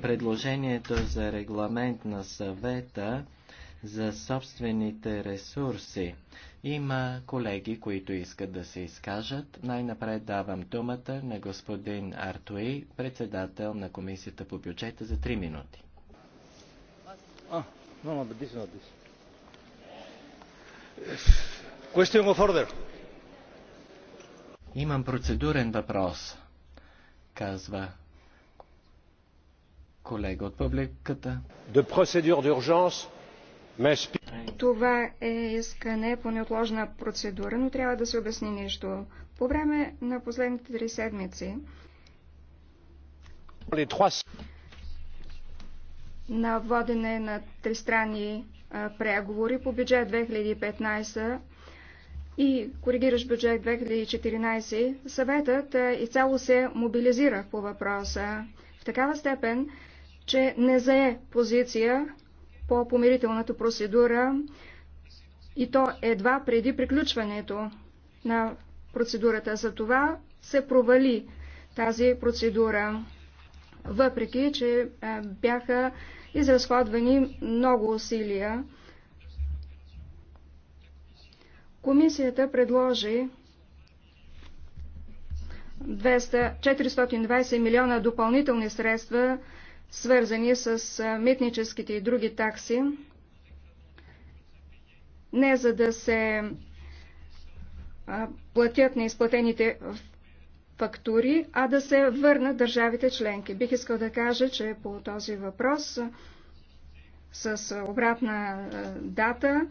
предложението за регламент на съвета за собствените ресурси. Има колеги, които искат да се изкажат. Най-напред давам думата на господин Артуи, председател на Комисията по бюджета за 3 минути. Question of order. Имам процедурен въпрос, казва колега от публиката. Това е искане по неотложна процедура, но трябва да се обясни нещо. По време на последните три седмици на водене на тристранни преговори по бюджет 2015 и коригираш бюджет 2014, съветът изцяло се мобилизира по въпроса. В такава степен, че не зае позиция по помирителната процедура и то едва преди приключването на процедурата. За това се провали тази процедура, въпреки че е, бяха изразходвани много усилия. Комисията предложи 420 милиона допълнителни средства свързани с митническите и други такси, не за да се платят неизплатените фактури, а да се върнат държавите членки. Бих искал да кажа, че по този въпрос с обратна дата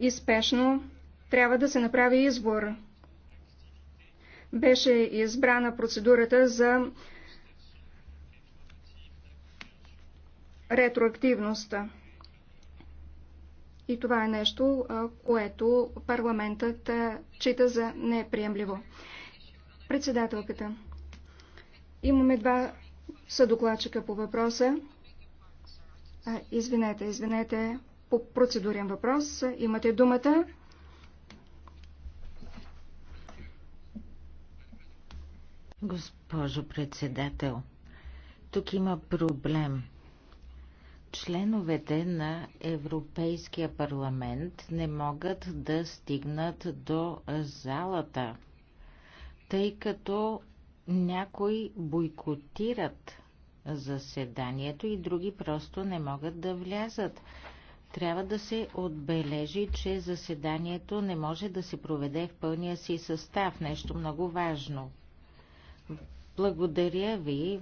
и спешно трябва да се направи избор. Беше избрана процедурата за ретроактивността. И това е нещо, което парламентът чита за неприемливо. Председателката. Имаме два съдокладчика по въпроса. извинете, извинете, по процедурен въпрос. Имате думата. Госпожо председател, тук има проблем – Членовете на Европейския парламент не могат да стигнат до залата, тъй като някои бойкотират заседанието и други просто не могат да влязат. Трябва да се отбележи, че заседанието не може да се проведе в пълния си състав. Нещо много важно. Благодаря ви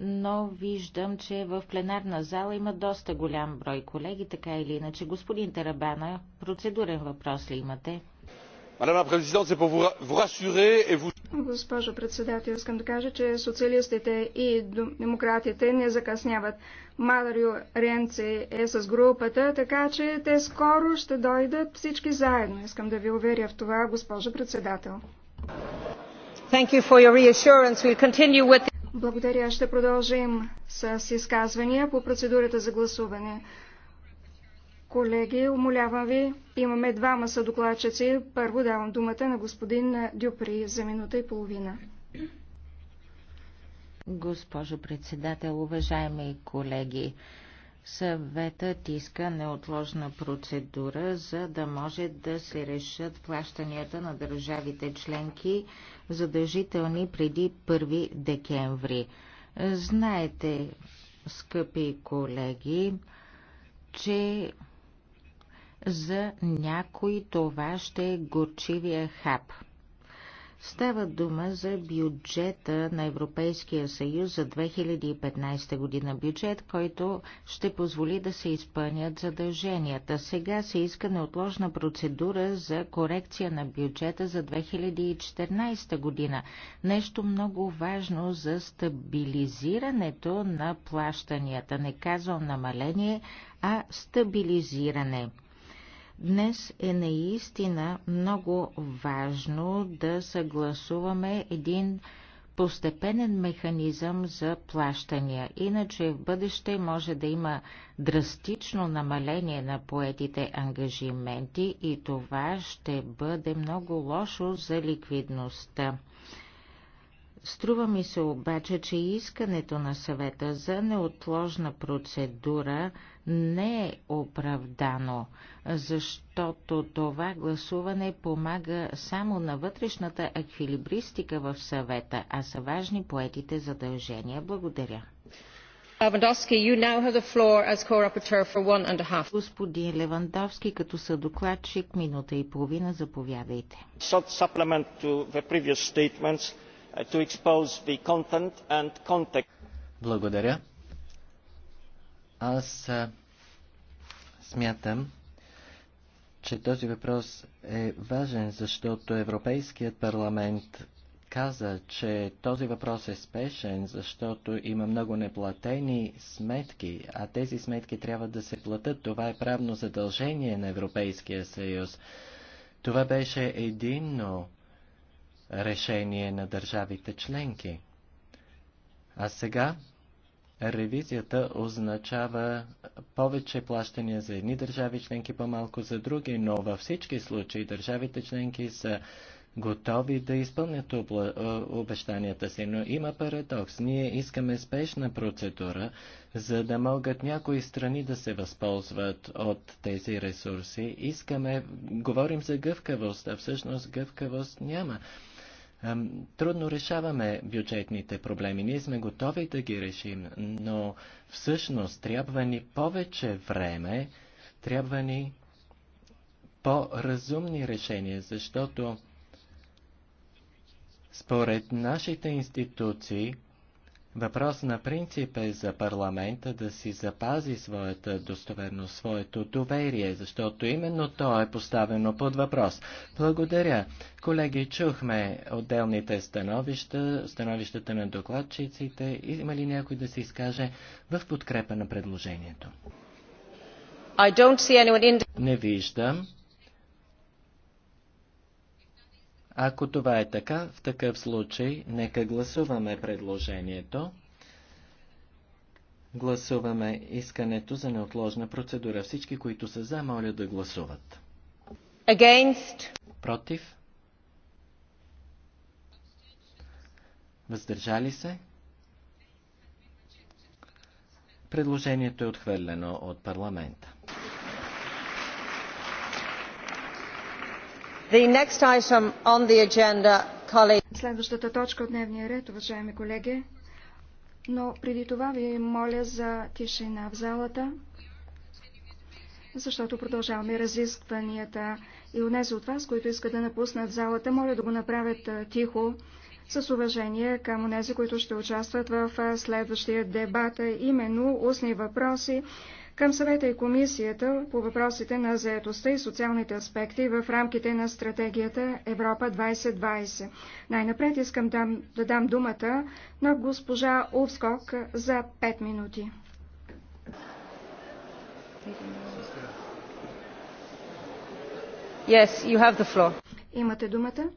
но виждам, че в пленарна зала има доста голям брой колеги, така или иначе. Господин Тарабана, процедурен въпрос ли имате? Госпожо председател, искам да кажа, че социалистите и демократите не закъсняват. Марио Ренци е с групата, така че те скоро ще дойдат всички заедно. Искам да ви уверя в това, госпожо председател. Thank you for your reassurance. We'll continue with благодаря. Ще продължим с изказвания по процедурата за гласуване. Колеги, умолявам ви, имаме двама докладчици. Първо давам думата на господин Дюпри за минута и половина. Госпожо председател, уважаеми колеги, Съветът иска неотложна процедура, за да може да се решат плащанията на държавите членки задължителни преди 1 декември. Знаете, скъпи колеги, че за някой това ще е горчивия хап – Става дума за бюджета на Европейския съюз за 2015 година. Бюджет, който ще позволи да се изпълнят задълженията. Сега се иска неотложна процедура за корекция на бюджета за 2014 година. Нещо много важно за стабилизирането на плащанията. Не казвам намаление, а стабилизиране. Днес е наистина много важно да съгласуваме един постепенен механизъм за плащания. Иначе в бъдеще може да има драстично намаление на поетите ангажименти и това ще бъде много лошо за ликвидността. Струва ми се обаче, че искането на съвета за неотложна процедура не е оправдано, защото това гласуване помага само на вътрешната еквилибристика в съвета, а са важни поетите задължения. Благодаря. Господин Левандовски, като съдокладчик, минута и половина, заповядайте. Uh, to expose the content and context. Благодаря. Аз смятам, че този въпрос е важен, защото Европейският парламент каза, че този въпрос е спешен, защото има много неплатени сметки, а тези сметки трябва да се платят. Това е правно задължение на Европейския съюз. Това беше единно решение на държавите членки. А сега ревизията означава повече плащания за едни държави членки, по-малко за други, но във всички случаи държавите членки са готови да изпълнят обещанията си, но има парадокс. Ние искаме спешна процедура, за да могат някои страни да се възползват от тези ресурси. Искаме, говорим за гъвкавост, а всъщност гъвкавост няма. Трудно решаваме бюджетните проблеми. Ние сме готови да ги решим, но всъщност трябва ни повече време, трябва ни по-разумни решения, защото според нашите институции Въпрос на принцип е за парламента да си запази своята достоверност, своето доверие, защото именно то е поставено под въпрос. Благодаря. Колеги, чухме отделните становища, становищата на докладчиците. Има ли някой да се изкаже в подкрепа на предложението? In... Не виждам. Ако това е така, в такъв случай нека гласуваме предложението. Гласуваме искането за неотложна процедура. Всички, които са за, моля да гласуват. Against. Против. Въздържали се? Предложението е отхвърлено от парламента. Следващата точка от дневния ред, уважаеми колеги, но преди това ви моля за тишина в залата, защото продължаваме разискванията и унези от вас, които искат да напуснат залата, моля да го направят тихо, с уважение към нези, които ще участват в следващия дебат, именно устни въпроси към съвета и комисията по въпросите на заедостта и социалните аспекти в рамките на стратегията Европа 2020. Най-напред искам да, да дам думата на госпожа Овскок за 5 минути. Yes, you have the floor. Имате думата.